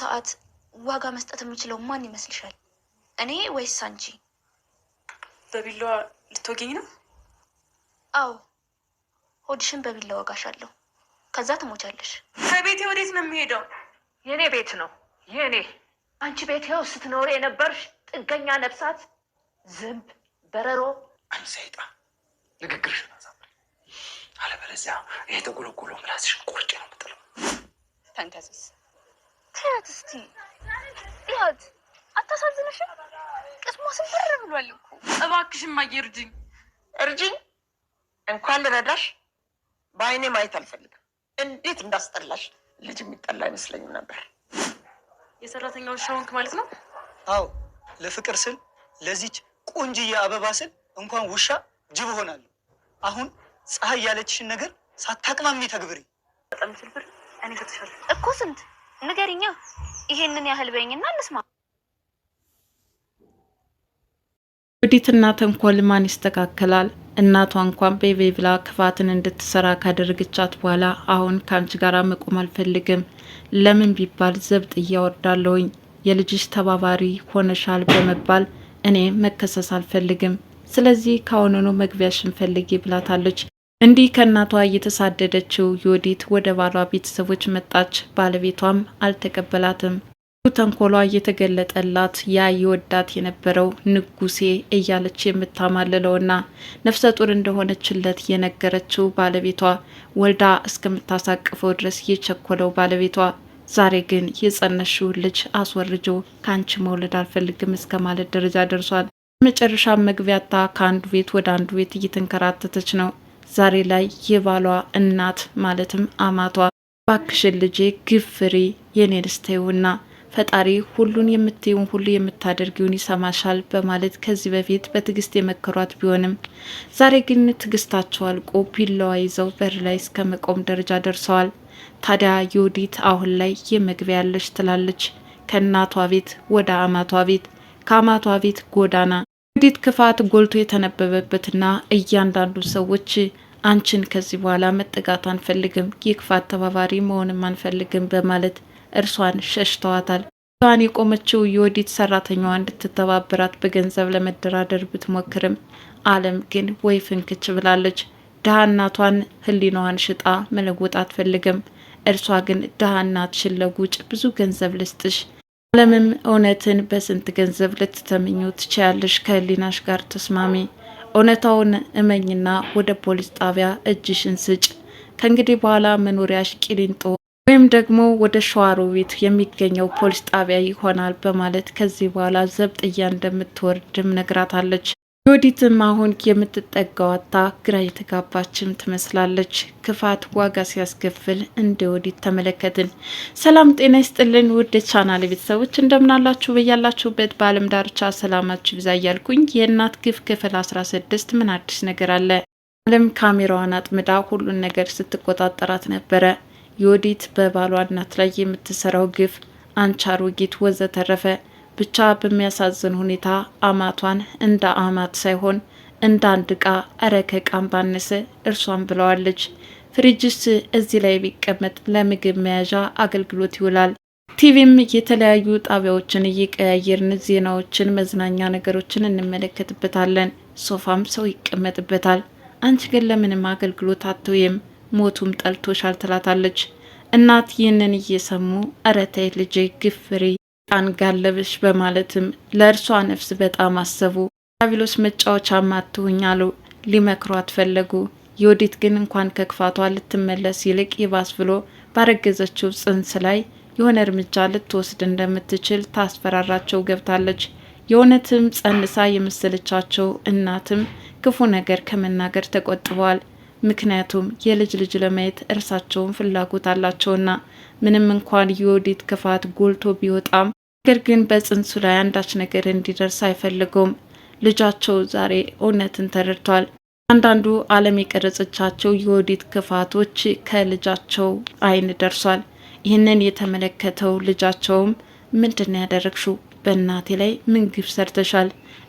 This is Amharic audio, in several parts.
ሰዓት ዋጋ መስጠት የምችለው ማን ይመስልሻል? እኔ ወይስ አንቺ? በቢላዋ ልትወጊኝ ነው? አዎ፣ ሆድሽን በቢላ ወጋሻለሁ። ከዛ ትሞቻለሽ። ከቤቴ ወዴት ነው የሚሄደው? የእኔ ቤት ነው የእኔ። አንቺ ቤት ውስጥ ስትኖር የነበርሽ ጥገኛ ነፍሳት፣ ዝንብ፣ በረሮ፣ አንድ ሰይጣን። ንግግርሽን አለበለዚያ ይሄ ተጎለጎሎ ምላስሽን ቁርጭ ነው የምጥለው። ተንከሲስ እያት እስቲ እያት፣ አታሳዝንሽም? ቅስሟ ስንብር ብሏል እኮ። እባክሽም አየር እርጅኝ እርጅኝ። እንኳን ልረዳሽ በአይኔ ማየት አልፈልግም። እንዴት እንዳስጠላሽ! ልጅ የሚጠላ አይመስለኝም ነበር። የሰራተኛው ሻውንክ ማለት ነው? አዎ፣ ለፍቅር ስል ለዚች ቆንጅዬ አበባ ስል እንኳን ውሻ ጅብ ሆናለሁ። አሁን ፀሐይ ያለችሽን ነገር ሳታቅማሚ ተግብሪ። በጣም ስልብር እኔ እኮ ስንት ንገሪኛ። ይሄንን ያህል በኝና እንስማ። ውዲትና ተንኮል ማን ይስተካከላል? እናቷ እንኳን ቤቤ ብላ ክፋትን እንድትሰራ ካደረገቻት በኋላ አሁን ከአንቺ ጋር መቆም አልፈልግም፣ ለምን ቢባል ዘብጥ እያወርዳለሁኝ የልጅሽ ተባባሪ ሆነሻል በመባል እኔ መከሰስ አልፈልግም፣ ስለዚህ ከአሁኑኑ መግቢያሽን ፈልጊ ብላታለች። እንዲህ ከእናቷ እየተሳደደችው ዮዲት ወደ ባሏ ቤተሰቦች መጣች። ባለቤቷም አልተቀበላትም። ተንኮሏ እየተገለጠላት ያ የወዳት የነበረው ንጉሴ እያለች የምታማልለውና ነፍሰ ጡር እንደሆነችለት የነገረችው ባለቤቷ ወልዳ እስከምታሳቅፈው ድረስ የቸኮለው ባለቤቷ ዛሬ ግን የጸነሽውን ልጅ አስወርጆ ከአንቺ መውለድ አልፈልግም እስከ ማለት ደረጃ ደርሷል። መጨረሻ መግቢያታ ከአንዱ ቤት ወደ አንዱ ቤት እየተንከራተተች ነው። ዛሬ ላይ የባሏ እናት ማለትም አማቷ ባክሽን ልጄ ግፍሪ የኔንስቴውና ፈጣሪ ሁሉን የምትይውን ሁሉ የምታደርጊውን ይሰማሻል በማለት ከዚህ በፊት በትዕግስት የመከሯት ቢሆንም ዛሬ ግን ትዕግስታቸው አልቆ ቢላዋ ይዘው በር ላይ እስከ መቆም ደረጃ ደርሰዋል። ታዲያ ዮዲት አሁን ላይ የመግቢያ ያለች ትላለች። ከእናቷ ቤት ወደ አማቷ ቤት፣ ከአማቷ ቤት ጎዳና እንዴት ክፋት ጎልቶ የተነበበበትና እያንዳንዱ ሰዎች አንቺን ከዚህ በኋላ መጠጋት አንፈልግም፣ የክፋት ተባባሪ መሆንም አንፈልግም በማለት እርሷን ሸሽተዋታል። እሷን የቆመችው የወዲት ሰራተኛዋ እንድትተባበራት በገንዘብ ለመደራደር ብትሞክርም አለም ግን ወይ ፍንክች ብላለች። ድሀ እናቷን ህሊናዋን ሽጣ መለወጥ አትፈልግም። እርሷ ግን ድሀ ለጉጭ ብዙ ገንዘብ ልስጥሽ ዓለምም እውነትን በስንት ገንዘብ ልትተምኙ ትችያለሽ? ከህሊናሽ ጋር ተስማሚ። እውነታውን እመኝና ወደ ፖሊስ ጣቢያ እጅሽን ስጭ። ከእንግዲህ በኋላ መኖሪያሽ ቂሊንጦ ወይም ደግሞ ወደ ሸዋሮቢት የሚገኘው ፖሊስ ጣቢያ ይሆናል በማለት ከዚህ በኋላ ዘብጥያ እንደምትወርድም ነግራታለች። የወዲትም አሁን የምትጠጋው አታ ግራ የተጋባችም ትመስላለች። ክፋት ዋጋ ሲያስከፍል እንደ ወዲት ተመለከትን። ሰላም ጤና ይስጥልን ውድ ቻናል ቤተሰቦች እንደምናላችሁ በያላችሁበት በአለም ዳርቻ ሰላማችሁ ይብዛ እያልኩኝ የእናት ግፍ ክፍል 16 ምን አዲስ ነገር አለ? አለም ካሜራዋን አጥምዳ ሁሉን ነገር ስትቆጣጠራት ነበረ። የወዲት በባሏ እናት ላይ የምትሰራው ግፍ አንቻሩ አሮጊት ወዘተረፈ ብቻ በሚያሳዝን ሁኔታ አማቷን እንደ አማት ሳይሆን እንደ አንድ እቃ እረ ከእቃም ባነሰ እርሷን ብለዋለች። ፍሪጅስ እዚህ ላይ ቢቀመጥ ለምግብ መያዣ አገልግሎት ይውላል። ቲቪም የተለያዩ ጣቢያዎችን እየቀያየርን ዜናዎችን፣ መዝናኛ ነገሮችን እንመለከትበታለን። ሶፋም ሰው ይቀመጥበታል። አንቺ ግን ለምንም አገልግሎት አትውይም፣ ሞቱም ጠልቶሻል ትላታለች እናት። ይህንን እየሰሙ እረ ተይ ልጄ ግፍሬ ጣን ጋለብሽ በማለትም ለእርሷ ነፍስ በጣም አሰቡ። ዲያብሎስ መጫወቻ አትሁኝ አሉ። ሊመክሯት ፈለጉ። ዮዲት ግን እንኳን ከክፋቷ ልትመለስ ይልቅ ይባስ ብሎ ባረገዘችው ጽንስ ላይ የሆነ እርምጃ ልትወስድ እንደምትችል ታስፈራራቸው ገብታለች። የእውነትም ጸንሳ የመሰለቻቸው እናትም ክፉ ነገር ከመናገር ተቆጥበዋል። ምክንያቱም የልጅ ልጅ ለማየት እርሳቸውን ፍላጎት አላቸውና ምንም እንኳን የዮዲት ክፋት ጎልቶ ቢወጣም ነገር ግን በጽንሱ ላይ አንዳች ነገር እንዲደርስ አይፈልጉም። ልጃቸው ዛሬ እውነትን ተረድቷል። አንዳንዱ ዓለም የቀረጸቻቸው የወዲት ክፋቶች ከልጃቸው አይን ደርሷል። ይህንን የተመለከተው ልጃቸውም ምንድን ያደረግሽው? በእናቴ ላይ ምን ግፍ ሰርተሻል?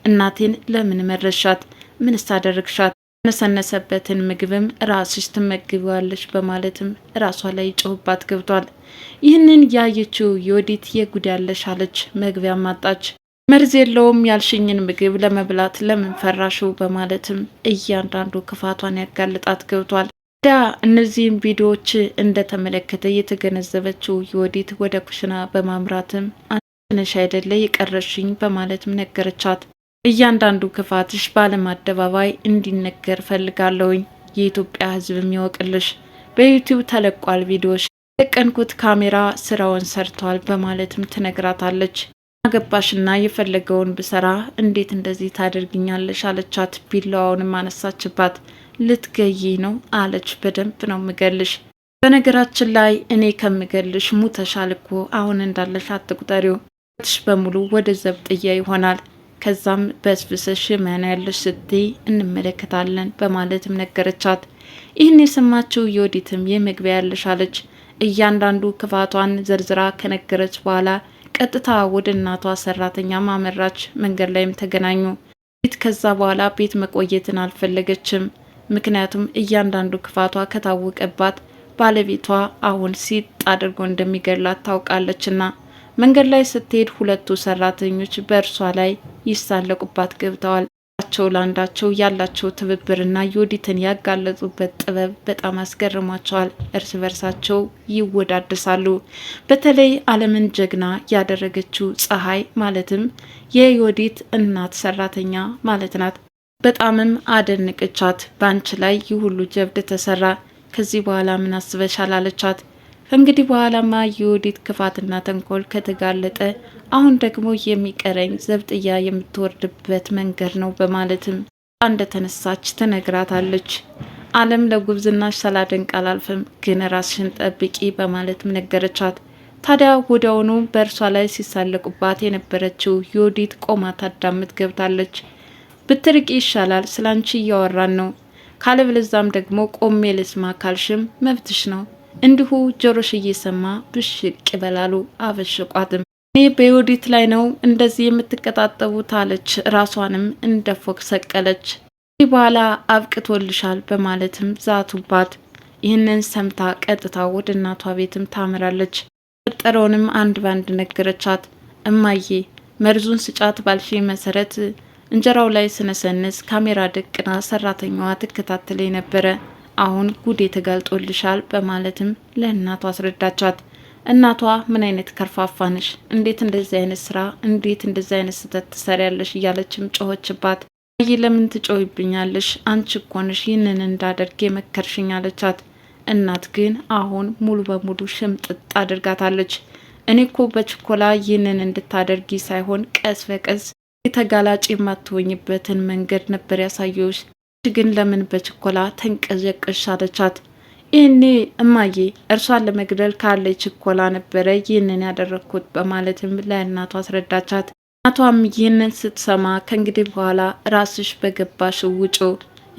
እናቴን ለምን መረሻት? ምን ስታደረግሻት? ነሰነሰበትን ምግብም ራስሽ ትመግቢዋለች በማለትም ራሷ ላይ ጮህባት ገብቷል። ይህንን ያየችው ዮዲት የጉዳያለሽ አለች። መግቢያ ማጣች። መርዝ የለውም ያልሽኝን ምግብ ለመብላት ለምን ፈራሽው? በማለትም እያንዳንዱ ክፋቷን ያጋልጣት ገብቷል። ዳ እነዚህም ቪዲዮዎች እንደተመለከተ የተገነዘበችው የወዴት ወደ ኩሽና በማምራትም አንቺ ነሽ አይደለ የቀረሽኝ በማለትም ነገረቻት። እያንዳንዱ ክፋትሽ በዓለም አደባባይ እንዲነገር ፈልጋለሁኝ። የኢትዮጵያ ሕዝብ የሚወቅልሽ በዩቲዩብ ተለቋል ቪዲዮሽ የቀንኩት ካሜራ ስራውን ሰርቷል በማለትም ትነግራታለች። አገባሽና የፈለገውን ብሰራ እንዴት እንደዚህ ታደርግኛለሽ? አለቻት። ቢላዋውንም አነሳችባት። ልትገይ ነው አለች። በደንብ ነው ምገልሽ። በነገራችን ላይ እኔ ከምገልሽ ሙተሻል እኮ አሁን እንዳለሽ አትቁጠሪው። ትሽ በሙሉ ወደ ዘብጥያ ይሆናል ከዛም በስብሰሽ መን ያለሽ ስትይ እንመለከታለን በማለትም ነገረቻት። ይህን የሰማችው የወዲትም የመግቢያ ያለሽ አለች። እያንዳንዱ ክፋቷን ዘርዝራ ከነገረች በኋላ ቀጥታ ወደ እናቷ ሰራተኛ ማመራች። መንገድ ላይም ተገናኙ። ቤት ከዛ በኋላ ቤት መቆየትን አልፈለገችም። ምክንያቱም እያንዳንዱ ክፋቷ ከታወቀባት ባለቤቷ አሁን ሲጥ አድርጎ እንደሚገላት ታውቃለችና መንገድ ላይ ስትሄድ ሁለቱ ሰራተኞች በእርሷ ላይ ይሳለቁባት ገብተዋል። ቸው ለአንዳቸው ያላቸው ትብብርና ዮዲትን ያጋለጡበት ጥበብ በጣም አስገርሟቸዋል። እርስ በርሳቸው ይወዳደሳሉ። በተለይ ዓለምን ጀግና ያደረገችው ፀሐይ ማለትም የዮዲት እናት ሰራተኛ ማለት ናት። በጣምም አደንቅቻት። በአንቺ ላይ ይህ ሁሉ ጀብድ ተሰራ፣ ከዚህ በኋላ ምን አስበሻል አለቻት። ከእንግዲህ በኋላማ የወዲት ክፋትና ተንኮል ከተጋለጠ አሁን ደግሞ የሚቀረኝ ዘብጥያ የምትወርድበት መንገድ ነው በማለትም እንደተነሳች ትነግራታለች። አለም ለጉብዝናሽ ሳላደንቅ አላልፍም፣ ግን ራስሽን ጠብቂ በማለትም ነገረቻት። ታዲያ ወዲያውኑ በእርሷ ላይ ሲሳለቁባት የነበረችው የወዲት ቆማ ታዳምት ገብታለች። ብትርቂ ይሻላል፣ ስላንቺ እያወራን ነው። ካለብለዛም ደግሞ ቆሜ ልስማ ካልሽም መብትሽ ነው እንዲሁ ጆሮሽ እየሰማ ብሽቅ ይበላሉ። አበሽቋትም እኔ በዮዲት ላይ ነው እንደዚህ የምትቀጣጠቡት አለች። ራሷንም እንደ ፎቅ ሰቀለች። ይህ በኋላ አብቅቶልሻል በማለትም ዛቱባት። ይህንን ሰምታ ቀጥታ ወደ እናቷ ቤትም ታምራለች። ፈጠረውንም አንድ ባንድ ነገረቻት። እማዬ መርዙን ስጫት ባልሽ መሰረት እንጀራው ላይ ስነሰንስ ካሜራ ደቅና ሰራተኛዋ ትከታተለኝ ነበረ አሁን ጉዴ ተጋልጦልሻል በማለትም ለእናቷ አስረዳቻት። እናቷ ምን አይነት ነሽ እንዴት እንደዚህ አይነት ስራ፣ እንዴት እንደዚህ አይነት ስህተት ትሰሪያለሽ? እያለችም ጮኸችባት። አይ ለምን ትጮይብኛለሽ? አንቺ እኮ ነሽ ይህንን እንዳደርግ የመከርሽኝ አለቻት። እናት ግን አሁን ሙሉ በሙሉ ሽምጥጥ አድርጋታለች። እኔ እኮ በችኮላ ይህንን እንድታደርጊ ሳይሆን ቀስ በቀስ የተጋላጭ የማትሆኝበትን መንገድ ነበር ያሳየውሽ። ግን ለምን በችኮላ ተንቀዠቅሽ አለቻት። ይህኔ እማዬ እርሷን ለመግደል ካለ ችኮላ ነበረ ይህንን ያደረግኩት በማለትም ለእናቷ አስረዳቻት። እናቷም ይህንን ስትሰማ ከእንግዲህ በኋላ ራስሽ በገባሽ ውጩ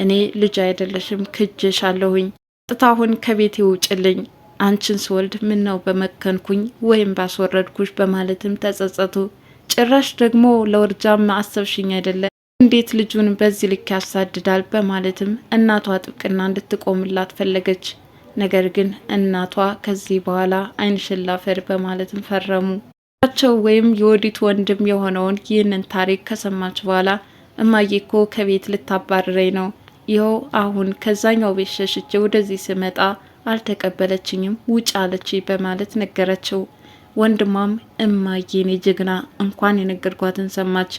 እኔ ልጅ አይደለሽም ክጅሽ አለሁኝ ጥታሁን ከቤቴ ውጭልኝ አንቺን ስወልድ ምን ነው በመከንኩኝ ወይም ባስወረድኩሽ በማለትም ተጸጸቱ። ጭራሽ ደግሞ ለውርጃም አሰብሽኝ አይደለን?። እንዴት ልጁን በዚህ ልክ ያሳድዳል? በማለትም እናቷ ጥብቅና እንድትቆምላት ፈለገች። ነገር ግን እናቷ ከዚህ በኋላ አይንሽላ ላፈር በማለትም ፈረሙ። ቸው ወይም የወዲት ወንድም የሆነውን ይህንን ታሪክ ከሰማች በኋላ እማዬ እኮ ከቤት ልታባርረኝ ነው፣ ይኸው አሁን ከዛኛው ቤት ሸሽቼ ወደዚህ ስመጣ አልተቀበለችኝም፣ ውጭ አለች በማለት ነገረችው። ወንድሟም እማዬኔ ጀግና እንኳን የነገርኳትን ሰማች፣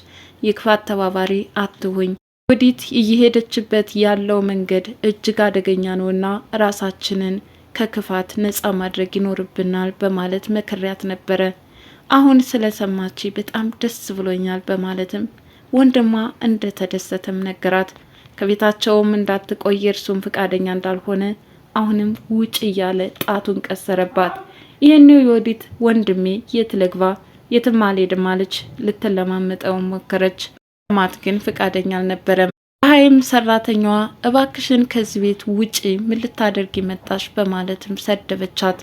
የክፋት ተባባሪ አትሁኝ፣ ወዲት እየሄደችበት ያለው መንገድ እጅግ አደገኛ ነውና ራሳችንን ከክፋት ነጻ ማድረግ ይኖርብናል በማለት መክሪያት ነበረ። አሁን ስለሰማች በጣም ደስ ብሎኛል በማለትም ወንድሟ እንደተደሰተም ነገራት። ከቤታቸውም እንዳትቆይ እርሱም ፈቃደኛ እንዳልሆነ አሁንም ውጭ እያለ ጣቱን ቀሰረባት። ይህኔው የወዲት ወንድሜ የት ልግባ የትም አልሄድም አለች። ልትለማመጠው ሞከረች። ማት ግን ፍቃደኛ አልነበረም። ፀሐይም ሰራተኛዋ እባክሽን ከዚህ ቤት ውጪ ምን ልታደርጊ መጣሽ በማለትም ሰደበቻት።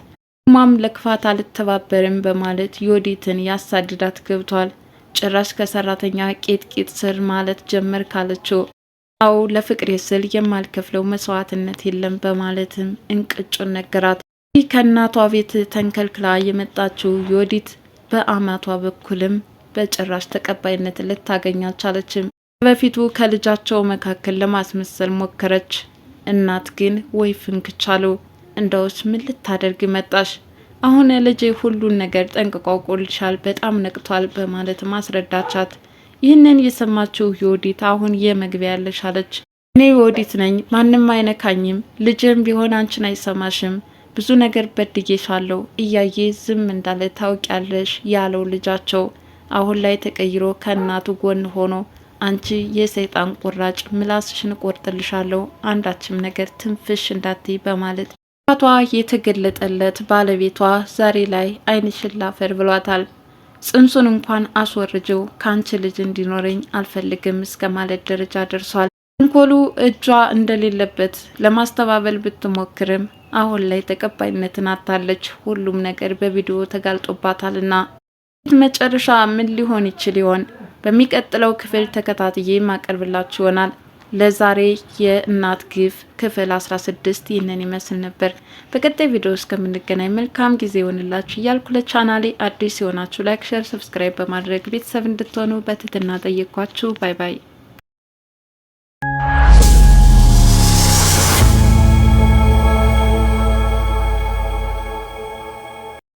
ማም ለክፋት አልተባበርም በማለት የወዲትን ያሳድዳት ገብቷል። ጭራሽ ከሰራተኛ ቄጥቄጥ ስር ማለት ጀመር ካለችው አው ለፍቅሬ ስል የማልከፍለው መስዋዕትነት የለም በማለትም እንቅጩን ነገራት። ከእናቷ ቤት ተንከልክላ የመጣችው ዮዲት በአማቷ በኩልም በጭራሽ ተቀባይነት ልታገኝ አልቻለችም። በፊቱ ከልጃቸው መካከል ለማስመሰል ሞከረች። እናት ግን ወይ ፍንክች አሉ። እንደውስ ምን ልታደርግ መጣሽ? አሁን ልጄ ሁሉን ነገር ጠንቅቆ ቆልሻል፣ በጣም ነቅቷል በማለት ማስረዳቻት። ይህንን የሰማችው ዮዲት አሁን የመግቢያ ያለሽ አለች። እኔ ዮዲት ነኝ፣ ማንም አይነካኝም፣ ልጅም ቢሆን አንቺን አይሰማሽም ብዙ ነገር ሳለው እያየ ዝም እንዳለ ታውቂያለሽ ያለው ልጃቸው አሁን ላይ ተቀይሮ ከእናቱ ጎን ሆኖ አንቺ የሰይጣን ቁራጭ ምላስሽን ቆርጥልሻለሁ፣ አንዳችም ነገር ትንፍሽ እንዳትይ በማለት ቷ የተገለጠለት ባለቤቷ ዛሬ ላይ ዓይንሽን ላፈር ብሏታል። ጽንሱን እንኳን አስወርጅው ከአንቺ ልጅ እንዲኖረኝ አልፈልግም እስከ ማለት ደረጃ ደርሷል። ተንኮሉ እጇ እንደሌለበት ለማስተባበል ብትሞክርም አሁን ላይ ተቀባይነትን አታለች። ሁሉም ነገር በቪዲዮ ተጋልጦባታልና መጨረሻ ምን ሊሆን ይችል ይሆን? በሚቀጥለው ክፍል ተከታትዬ ማቀርብላችሁ ይሆናል። ለዛሬ የእናት ግፍ ክፍል 16 ይህንን ይመስል ነበር። በቀጣይ ቪዲዮ እስከምንገናኝ መልካም ጊዜ ይሆንላችሁ እያልኩ ለቻናሌ አዲስ የሆናችሁ ላይክ፣ ሸር፣ ሰብስክራይብ በማድረግ ቤተሰብ እንድትሆኑ በትህትና ጠየኳችሁ። ባይ ባይ።